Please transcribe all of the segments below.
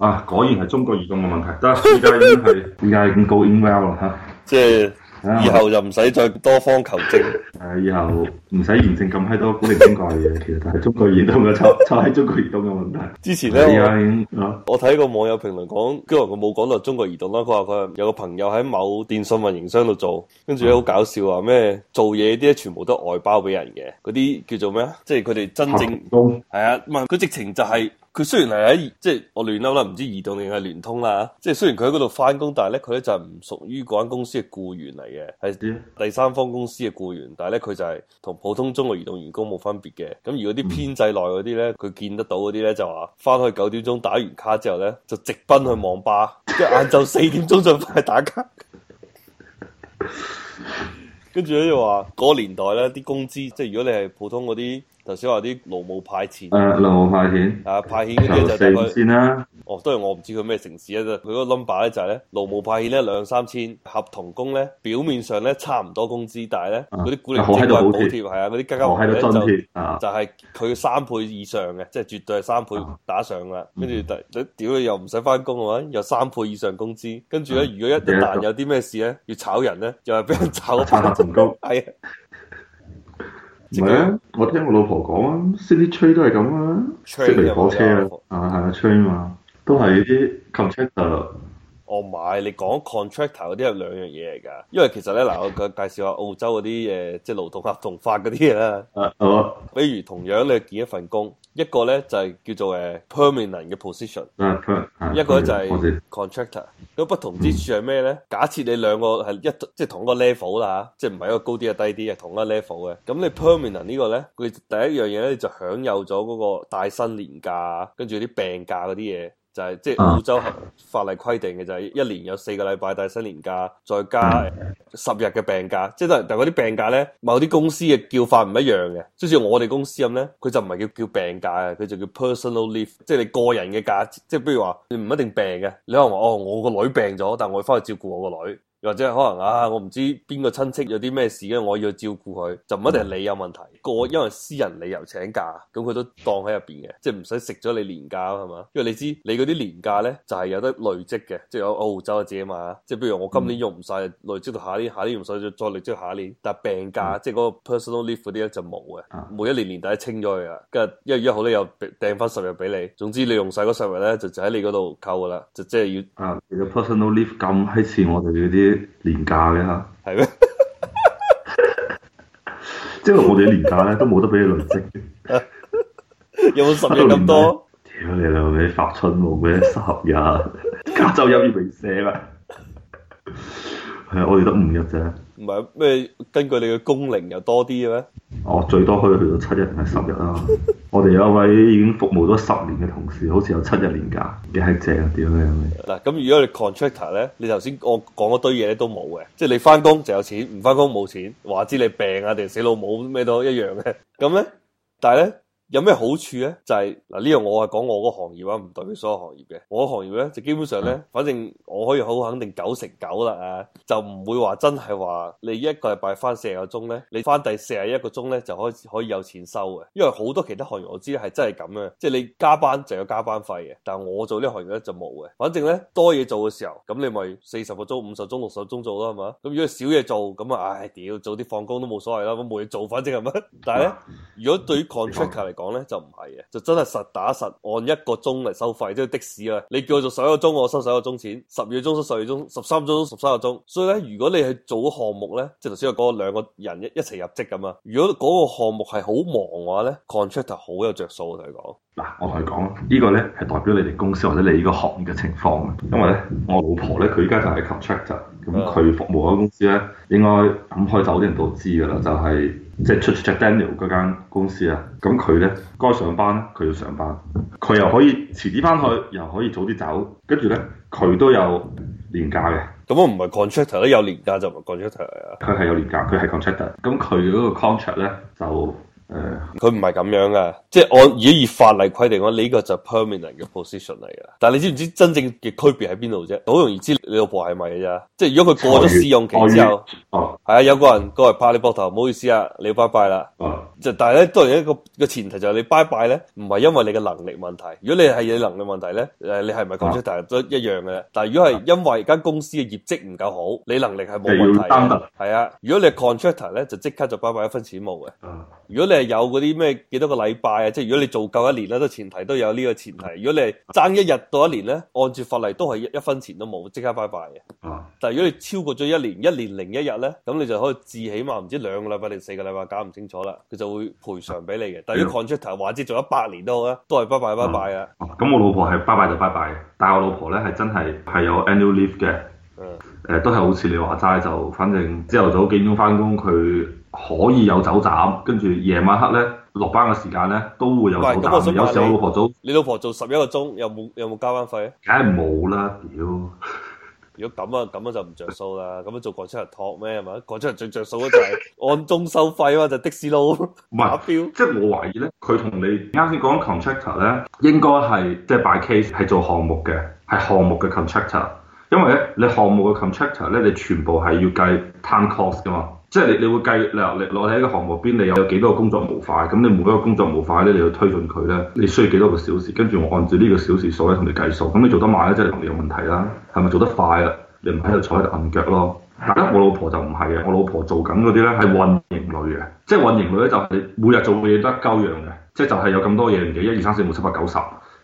啊！果然係中國移動嘅問題，但係，依家已經係依家係咁 going well 啦吓，即係以後就唔使再多方求證。 誒，以後唔使完成咁閪多古靈精怪嘅，嘢，其實但係中國移動嘅就就喺中國移動嘅問題。之前咧，我睇過、哎哎、網友評論講，雖然佢冇講到中國移動啦，佢話佢有個朋友喺某電信運營商度做，跟住咧好搞笑話咩，做嘢啲全部都外包俾人嘅，嗰啲叫做咩啊？即係佢哋真正工係啊，唔係佢直情就係、是、佢雖然係喺即係我亂嬲啦，唔知移動定係聯通啦，即係雖然佢喺嗰度翻工，但係咧佢咧就唔屬於嗰間公司嘅雇員嚟嘅，係第三方公司嘅僱員，但咧佢就係同普通中國移動員工冇分別嘅，咁如果啲編制內嗰啲咧，佢見得到嗰啲咧就話翻去九點鐘打完卡之後咧，就直奔去網吧，一晏晝四點鐘就翻去打卡， 跟住咧就話嗰、嗰個年代咧啲工資，即係如果你係普通嗰啲。頭先話啲勞務派遣，誒，勞務派遣，啊，派遣嘅嘢就佢，頭先啦，哦，都係我唔知佢咩城市啊，佢嗰個 number 咧就係咧，勞務派遣咧兩三千，合同工咧表面上咧差唔多工資，但係咧嗰啲鼓勵金啊補貼係啊，嗰啲加加咧就、啊、就係佢三倍以上嘅，即係絕對係三倍打上啦，跟住第屌你又唔使翻工係嘛，又三倍以上工資，跟住咧如果一一旦有啲咩事咧，要炒人咧，又係俾人炒咗，差唔多咁高、嗯，係啊。唔係啊！我聽我老婆講啊，悉尼吹都係咁啊，悉尼火車啊，啊係啊，吹嘛，都係啲 contract 我、哦、買你講 contractor 嗰啲係兩樣嘢嚟㗎，因為其實咧嗱，我介紹下澳洲嗰啲誒，即、啊、係勞動合同法嗰啲嘢啦。誒，uh, hello. 比如同樣你見一份工，一個咧就係、是、叫做誒、uh, permanent 嘅 position，uh, per, uh, 一個咧就係、是、contractor。咁、uh, 不同之處係咩咧？假設你兩個係一即係、就是、同一個 level 啦、啊，即係唔係一個高啲啊低啲嘅同一個 level 嘅。咁你 permanent 呢個咧，佢第一樣嘢咧就享有咗嗰個帶薪年假，跟住啲病假嗰啲嘢。就係即係澳洲法例規定嘅，就係一年有四個禮拜帶薪年假，再加十日嘅病假，即係但係嗰啲病假咧，某啲公司嘅叫法唔一樣嘅，即係好似我哋公司咁咧，佢就唔係叫叫病假啊，佢就叫 personal leave，即係你個人嘅假，即係譬如話你唔一定病嘅，你可能話哦，我個女病咗，但我要翻去照顧我個女。.又或者可能啊，我唔知邊個親戚有啲咩事，因為我要照顧佢，就唔一定係你有問題個，因為私人理由請假，咁佢都當喺入邊嘅，即係唔使食咗你年假係嘛？因為你知你嗰啲年假咧就係、是、有得累積嘅，即係澳洲自己嘛，即係比如我今年用唔晒，累積到下年，下年用晒再再累積下年。但係病假、嗯、即係嗰個 personal leave 啲咧就冇嘅，每一年年底清咗佢啊，跟住一月一號咧又掟翻十日俾你，你。總之你用晒嗰十日咧就就喺你嗰度扣噶啦，就即係要啊。其實 personal leave 咁喺似我哋嗰啲。年假嘅吓，係咩嗎？即係 我哋年假價咧，都冇得俾你累積， 有冇十日咁多。屌、啊、你老味，發春冇咩？十日，今就有月未射啦。係 啊， 我哋得五日啫。唔係咩？根據你嘅工齡又多啲嘅咩？ 哦，最多可以去到七日，係十日啊。 我哋有一位已經服務咗十年嘅同事，好似有七日年假，幾係正？點咧？嗱，咁如果你 contractor 咧，你頭先我講嗰堆嘢咧都冇嘅，即係你返工就有錢，唔返工冇錢，話知你是病啊定死老母咩都一樣嘅，咁咧，但係呢。有咩好處咧？就係嗱，呢樣我係講我個行業啊，唔代表所有行業嘅。我個行業咧就基本上咧，反正我可以好肯定九成九啦啊，就唔會話真係話你一個禮拜翻四十個鐘咧，你翻第四十一個鐘咧就可以可以有錢收嘅。因為好多其他行業我知係真係咁嘅，即係你加班就有加班費嘅。但係我做呢行業咧就冇嘅。反正咧多嘢做嘅時候，咁你咪四十個鐘、五十鐘、六十鐘做咯，係嘛？咁如果少嘢做，咁啊唉屌，早啲放工都冇所謂啦。咁冇嘢做，反正係乜？但係咧，如果對於 contractor 嚟講咧就唔係嘅，就真係實打實按一個鐘嚟收費，即係的士啊！你叫我做十一個鐘，我收十一個鐘錢；十二個鐘收十二個鐘；十三個鐘收十三個鐘。所以咧，如果你係做個項目咧，即係頭先我講兩個人一一齊入職咁啊，如果嗰個項目係好忙嘅話咧，contractor 好有着數，我同你講。嗱，我同你講、這個、呢個咧係代表你哋公司或者你呢個行業嘅情況因為咧，我老婆咧佢而家就係 contractor，咁、嗯、佢、嗯、服務嘅公司咧應該咁開酒店人都知㗎啦，就係、是、即係 contract Daniel 嗰間公司啊。咁佢咧該上班咧佢要上班，佢又可以遲啲翻去，又可以早啲走，跟住咧佢都有年假嘅。咁我唔係 contractor 都有年假就唔係 contractor 啊？佢係有年假，佢係 contractor，咁、嗯、佢嘅嗰個 contract 咧就。佢唔係咁樣噶，即係如果以法例規定嘅話，呢個就 permanent 嘅 position 嚟噶。但係你知唔知真正嘅區別喺邊度啫？好容易知你老婆係咪啫？即係如果佢過咗試用期之後，係啊，啊，有個人過嚟拍你膊頭，唔好意思啊，你要拜拜啦。就、啊、但係咧，當然一個一個前提就係你拜拜咧，唔係因為你嘅能力問題。如果你係你能力問題咧，誒，你係咪 contractor、啊、都一樣嘅。但係如果係因為間公司嘅業績唔夠好，你能力係冇問題，係啊。如果你 contractor 咧，就即刻就拜拜，一分錢冇嘅。啊如果你係有嗰啲咩幾多個禮拜啊，即係如果你做夠一年咧，都前提都有呢個前提。如果你係爭一日到一年咧，按照法例都係一分錢都冇，即刻拜拜嘅。啊、嗯！但係如果你超過咗一年，一年零一日咧，咁你就可以至起碼唔知兩個禮拜定四個禮拜搞唔清楚啦，佢就會賠償俾你嘅。但係如果 contractor 話知做咗百年都好咧，都係拜拜、嗯、拜拜、嗯、啊。咁我老婆係拜拜就拜拜，但係我老婆咧係真係係有 annual leave 嘅。嗯。誒都係好似你話齋，就反正朝頭早幾點翻工，佢可以有走盞，跟住夜晚黑咧落班嘅時間咧都會有走盞。有時候我老婆做，你老婆做十一個鐘，有冇有冇加班費啊？梗係冇啦，屌！ 如果咁啊，咁啊就唔着數啦。咁樣做廣州人托咩啊？嘛，廣州人最著數嘅就係按鐘收費啊 就的士佬打表，唔係。即係我懷疑咧，佢同你啱先講 contractor 咧，應該係即係 by case 係做項目嘅，係項目嘅 contractor。因為你項目嘅 contractor 咧，你全部係要計 time cost 嘅嘛，即係你你會計，你落喺一個項目邊，你有幾多個工作模塊。咁你每一個工作模塊咧，你要推進佢咧，你需要幾多個小時，跟住我按照呢個小時數咧同你計數，咁你做得慢咧，即係能力有問題啦，係咪做得快啊？你唔喺度坐喺度按腳咯，但係我老婆就唔係啊，我老婆做緊嗰啲咧係運營類嘅，即係運營類咧就係每日做嘅嘢都係交樣嘅，即係就係有咁多嘢嚟計，一二三四五六七八九十。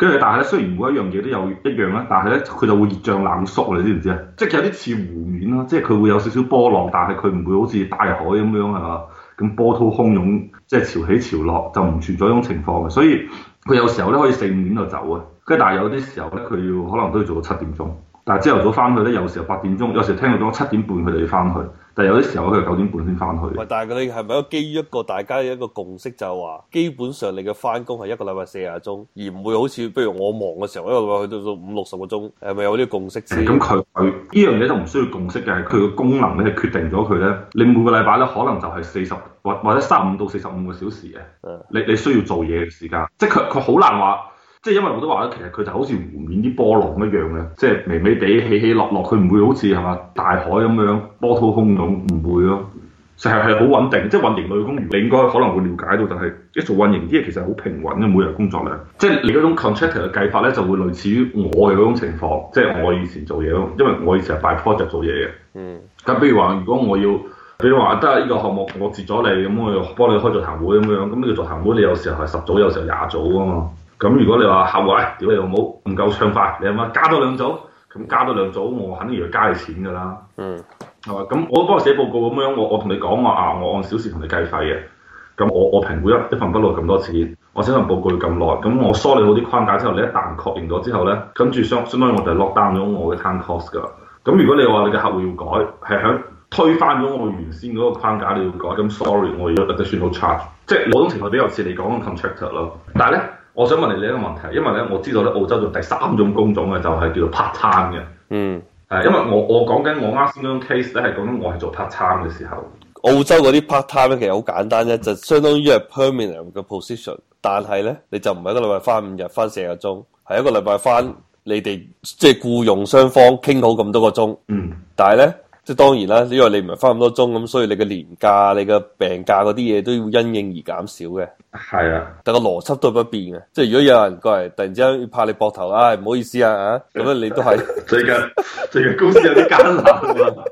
跟住，但係咧，雖然每一樣嘢都有一樣啦，但係咧，佢就會熱脹冷縮，你知唔知啊？即係有啲似湖面啦，即係佢會有少少波浪，但係佢唔會好似大海咁樣係嘛，咁波濤洶湧，即係潮起潮落，就唔存在呢種情況嘅。所以佢有時候咧可以四五點就走啊，跟住但係有啲時候咧，佢要可能都要做到七點鐘。但朝頭早翻去咧，有時候八點鐘，有時候聽到七點半佢哋要翻去。但係有啲時候咧，佢九點半先翻去。但係佢哋係咪基於一個大家嘅一個共識，就係話基本上你嘅翻工係一個禮拜四十個鐘，而唔會好似譬如我忙嘅時候一個禮拜去到五六十個鐘，係咪有呢個共識先？咁佢佢呢樣嘢都唔需要共識嘅，佢個功能咧係決定咗佢咧。你每個禮拜咧可能就係四十或或者三五到四十五個小時嘅，嗯、你你需要做嘢嘅時間，即係佢佢好難話。即係因為我都話咗，其實佢就好似湖面啲波浪一樣嘅，即係微微地起起落落，佢唔會好似係嘛大海咁樣波濤洶湧，唔會咯，就係係好穩定。即係運營類嘅工作你應該可能會了解到、就是，但係一做運營啲嘢其實好平穩嘅，每日工作量。即係你嗰種 contractor 嘅計法咧，就會類似於我嘅嗰種情況。即係我以前做嘢咯，因為我以前係 by project 做嘢嘅。嗯。咁譬如話，如果我要，譬如話得呢個項目我截，我接咗你咁，我幫你開座談會咁樣，咁呢個座談會，你有時候係十組，有時候廿組啊嘛。咁如果你話客戶，屌你老母唔夠暢快，你係咪加多兩組？咁加多兩組，我肯定要加你錢噶啦。嗯，係嘛？咁我幫你寫報告咁樣，我我同你講話啊，我按小時同你計費嘅。咁我我評估一一份筆錄咁多錢，我寫份報告要咁耐，咁我梳理好啲框架之後，你一旦確認咗之後咧，跟住相相當於我就 lock down 咗我嘅 time cost 噶啦。咁如果你話你嘅客戶要改，係響推翻咗我原先嗰個框架你要改，咁 sorry，我而家嗰啲算好差，即係嗰種情況比較似你講嘅 contractor 咯。但係咧。我想問你呢一個問題，因為咧我知道咧澳洲做第三種工種嘅就係叫做 part time 嘅，嗯，誒，因為我我講緊我啱先嗰種 case 咧係講緊我係做 part time 嘅時候，澳洲嗰啲 part time 咧其實好簡單啫，就是、相當於係 permanent 嘅 position，但係咧你就唔係一個禮拜翻五日翻四個鐘，係一個禮拜翻、嗯、你哋即係僱用雙方傾好咁多個鐘，嗯，但係咧。即當然啦，因為你唔係翻咁多鐘咁，所以你嘅年假、你嘅病假嗰啲嘢都要因應而減少嘅。係啊，但個邏輯都不變嘅。即係如果有人過嚟，突然之間要拍你膊頭，唉、哎，唔好意思啊，咁、啊、樣你都係 最近最近公司有啲艱難啊。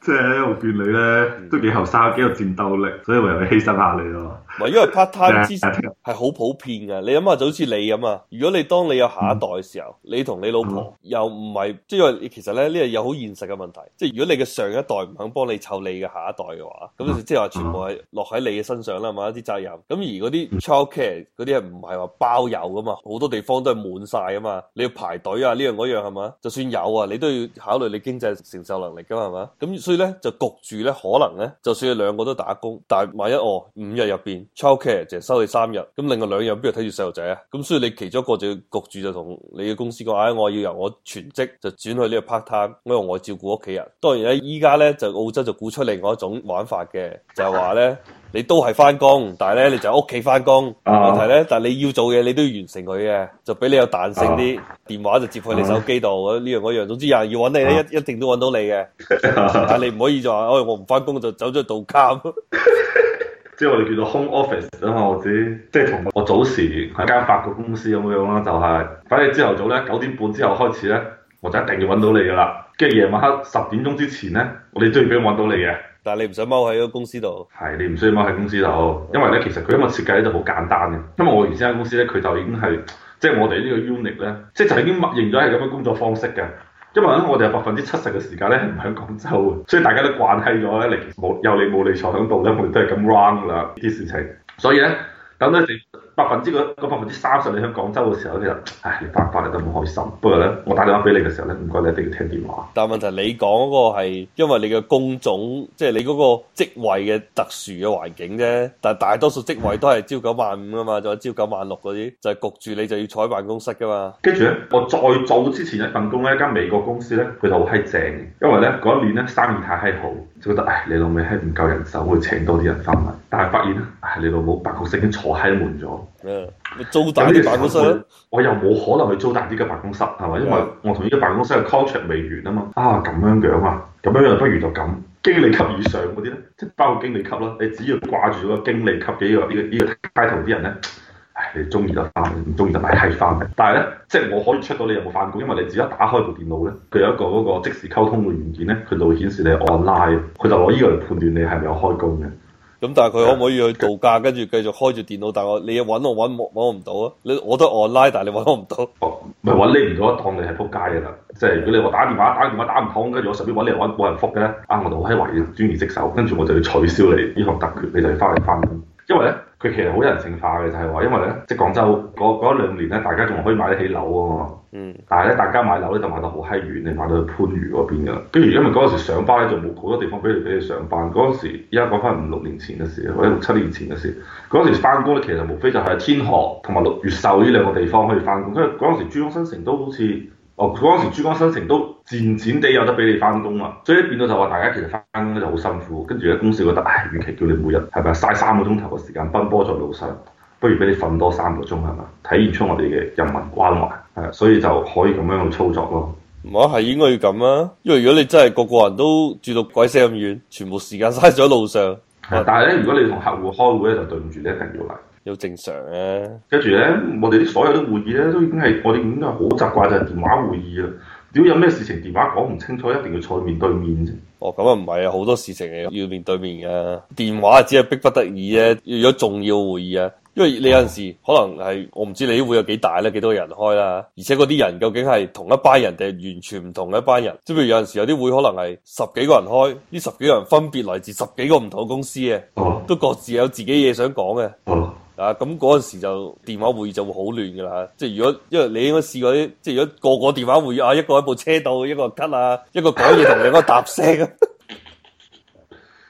即係咧，我見你咧，都幾後生，幾有戰鬥力，所以唯有犧牲下你咯。因為 part time 之時係好普遍嘅。你諗下就好似你咁啊。如果你當你有下一代嘅時候，你同你老婆又唔係，即係話其實咧呢個有好現實嘅問題。即係如果你嘅上一代唔肯幫你湊你嘅下一代嘅話，咁即係話全部係落喺你嘅身上啦，係嘛，啲責任。咁而嗰啲 child care 嗰啲係唔係話包有噶嘛？好多地方都係滿晒啊嘛，你要排隊啊，呢樣嗰樣，係嘛？就算有啊，你都要考慮你經濟承受能力㗎嘛，係嘛？咁所以咧就焗住咧，可能咧就算你兩個都打工，但係萬一哦五日入邊。child care 淨係收你三日，咁另外兩日邊度睇住細路仔啊？咁所以你其中一個就要焗住就同你嘅公司講，哎，我要由我全職就轉去呢個 part time，因為我照顧屋企人。當然咧，依家咧就澳洲就鼓出另外一種玩法嘅，就係話咧你都係翻工，但係咧你就喺屋企翻工，問題咧但係你要做嘢，你都要完成佢嘅，就俾你有彈性啲。Uh oh. 電話就接喺你手機度，呢樣嗰樣，總之有人要揾你咧，uh oh. 一一定都揾到你嘅。Uh oh. 但係你唔可以就話，哎，我唔翻工就走咗去度監。 即係我哋叫做 home office 啊嘛，我知，即係同我早時喺間發局公司咁樣啦，就係、是，反正朝頭早咧九點半之後開始咧，我就一定要揾到你噶啦，跟住夜晚黑十點鐘之前咧，我哋都要俾佢揾到你嘅。但係你唔使踎喺個公司度？係，你唔需要踎喺公司度，因為咧其實佢因為設計咧就好簡單嘅，因為我原先間公司咧佢就已經係，即、就、係、是、我哋呢個 unique 咧，即係就已經默認咗係咁嘅工作方式嘅。因為我哋有百分之七十嘅時間咧，係唔喺廣州，所以大家都慣氣咗。你冇有，你冇，你坐喺度咧，我哋都係咁 run 㗎喇。呢啲事情。所以呢，等多百分之個百分之三十，你喺廣州嘅時候，你就唉，你翻返嚟都唔開心。不過呢，我打電話俾你嘅時候呢，唔該，你一定要聽電話。但係問題，你講嗰個係因為你嘅工種，即係你嗰個職位嘅特殊嘅環境啫。但大多數職位都係朝九晚五啊嘛，仲有朝九晚六嗰啲，就係焗住你就要坐喺辦公室㗎嘛。跟住呢，我再做之前一份工咧，一間美國公司呢，佢就好閪正，因為咧，嗰一年咧，生意太閪好，就覺得唉，你老味閪唔夠人手，會請多啲人翻嚟。但係發現咧，係你老母辦公室已經坐喺度咗。誒，yeah, 租大啲辦，辦公室，Yeah. 我又冇可能去租大啲嘅辦公室係咪？因為我同呢個辦公室嘅 contract 未完啊嘛。啊，咁樣樣啊，咁樣、啊、樣、啊、不如就咁。經理級以上嗰啲咧，即係包括經理級啦。你只要掛住咗個經理級嘅、這個這個這個、呢個呢個呢個 title 啲人咧，唉，你中意就翻嚟，唔中意就咪閪翻嚟。但係咧，即係我可以 check 到你有冇翻工，因為你只一打開部電腦咧，佢有一個嗰個即時溝通嘅軟件咧，佢就會顯示你 online，佢就攞呢個嚟判斷你係咪有開工嘅。咁但係佢可唔可以去度假，跟住繼續開住電腦？但我你揾我揾摸唔到啊！我都 online，但你揾我唔到。唔係揾你唔到一通，你係撲街㗎啦！即係如果你我打電話，打電話打唔通，跟住我順便揾你又揾冇人復嘅呢？啊！我就好喺懷疑專業職守，跟住我就要取消你呢項特權，你就要翻嚟返工。因為，因為呢，佢其實好人性化嘅，就係話，因為呢，即廣州嗰兩年呢，大家仲可以買得起樓啊嘛。但係咧，大家買樓咧就買到好閪遠，你買到番禺嗰邊嘅啦。跟住，因為嗰陣時上班咧就冇好多地方俾你俾你上班。嗰陣時，而家講返五六年前嘅事，或者六七年前嘅事。嗰陣時返工咧，其實無非就係喺天河同埋六越秀呢兩個地方可以返工，因為嗰陣時珠江新城都好似。哦，嗰陣時珠江新城都漸漸地有得俾你翻工啊，所以咧變到就話大家其實翻工咧就好辛苦，跟住咧公司覺得唉、哎，與其叫你每日係咪嘥三個鐘頭嘅時間奔波在路上，不如俾你瞓多三個鐘係咪？體現出我哋嘅人民關懷，係，所以就可以咁樣去操作咯。唔係，係應該要咁啊，因為如果你真係個個人都住到鬼死咁遠，全部時間嘥咗喺路上，是是但係咧如果你同客戶開會咧就對唔住你，你一定要嚟。又正常嘅、啊，跟住咧，我哋啲所有啲會議咧，都已經係我哋已經係好習慣就係電話會議啦。屌有咩事情電話講唔清楚，一定要坐去面對面哦，咁啊唔係啊，好多事情係，要面對面嘅，電話只係逼不得已啫。如果重要會議啊，因為你有陣時、嗯、可能係我唔知你啲會有幾大咧，幾多人開啦，而且嗰啲人究竟係同一班人定係完全唔同一班人？即係有陣時有啲會可能係十幾個人開，呢十幾個人分別來自十幾個唔同公司嘅，嗯、都各自有自己嘢想講嘅。嗯。啊，咁嗰陣時就電話會議就會好亂噶啦，即係如果因為你應該試過啲，即係如果個個電話會議啊，一個喺部車度，一個咳啊，一個講嘢，同一個搭聲。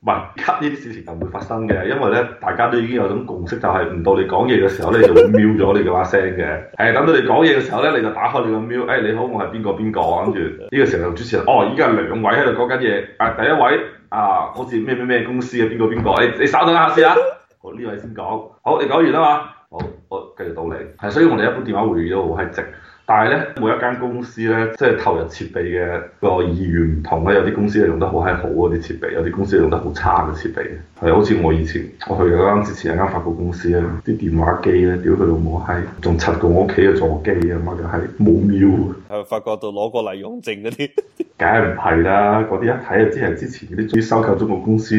唔係咳呢啲事情就會發生嘅，因為咧大家都已經有種共識，就係唔到你講嘢嘅時候咧就會 mute 咗你嘅把聲嘅。係。 等到你講嘢嘅時候咧，你就打開你嘅 mute 誒，你好，我係邊個邊個，跟住呢個時候就主持人哦，依家係兩位喺度講緊嘢。啊，第一位啊，好似咩咩咩公司嘅邊個邊個，你你稍等下先啊。 我呢位先講好，你講完啦嘛，好，我繼續到你，係。所以我哋一般電話會議都好閪直。但係呢，每一間公司呢，即係投入設備嘅個意願唔同。有啲公司係用得很好閪好嗰啲設備，有啲公司用得好差嘅設備。係，好似我以前我去啱啱之前係間法國公司咧，啲電話機咧，屌佢老母閪，仲差過我屋企嘅座機啊，乜嘢閪，冇妙。係發覺到攞過嚟用剩嗰啲，梗係唔係啦？嗰啲一睇啊，知係之前啲收購中國公司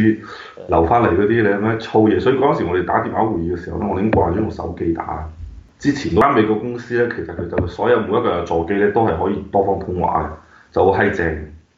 留翻嚟嗰啲，嗯、你咁樣粗嘢。所以嗰陣時我哋打電話會議嘅時候，我已經慣咗用手機打。之前嗰間美國公司呢，其實佢就所有每一個人的座機呢，都係可以多方通話嘅，就好閪正。